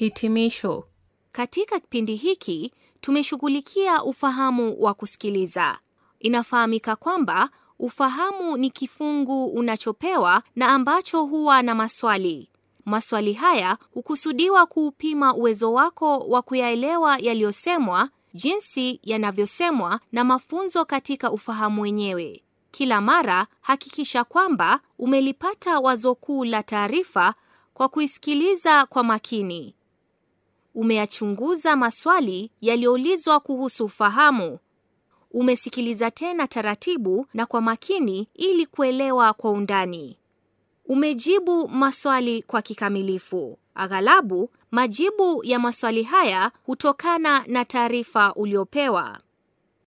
Hitimisho. Katika kipindi hiki tumeshughulikia ufahamu wa kusikiliza. Inafahamika kwamba ufahamu ni kifungu unachopewa na ambacho huwa na maswali. Maswali haya hukusudiwa kuupima uwezo wako wa kuyaelewa yaliyosemwa, jinsi yanavyosemwa na mafunzo katika ufahamu wenyewe. Kila mara hakikisha kwamba umelipata wazo kuu la taarifa kwa kuisikiliza kwa makini. Umeyachunguza maswali yaliyoulizwa kuhusu ufahamu. Umesikiliza tena taratibu na kwa makini ili kuelewa kwa undani. Umejibu maswali kwa kikamilifu. Aghalabu, majibu ya maswali haya hutokana na taarifa uliopewa.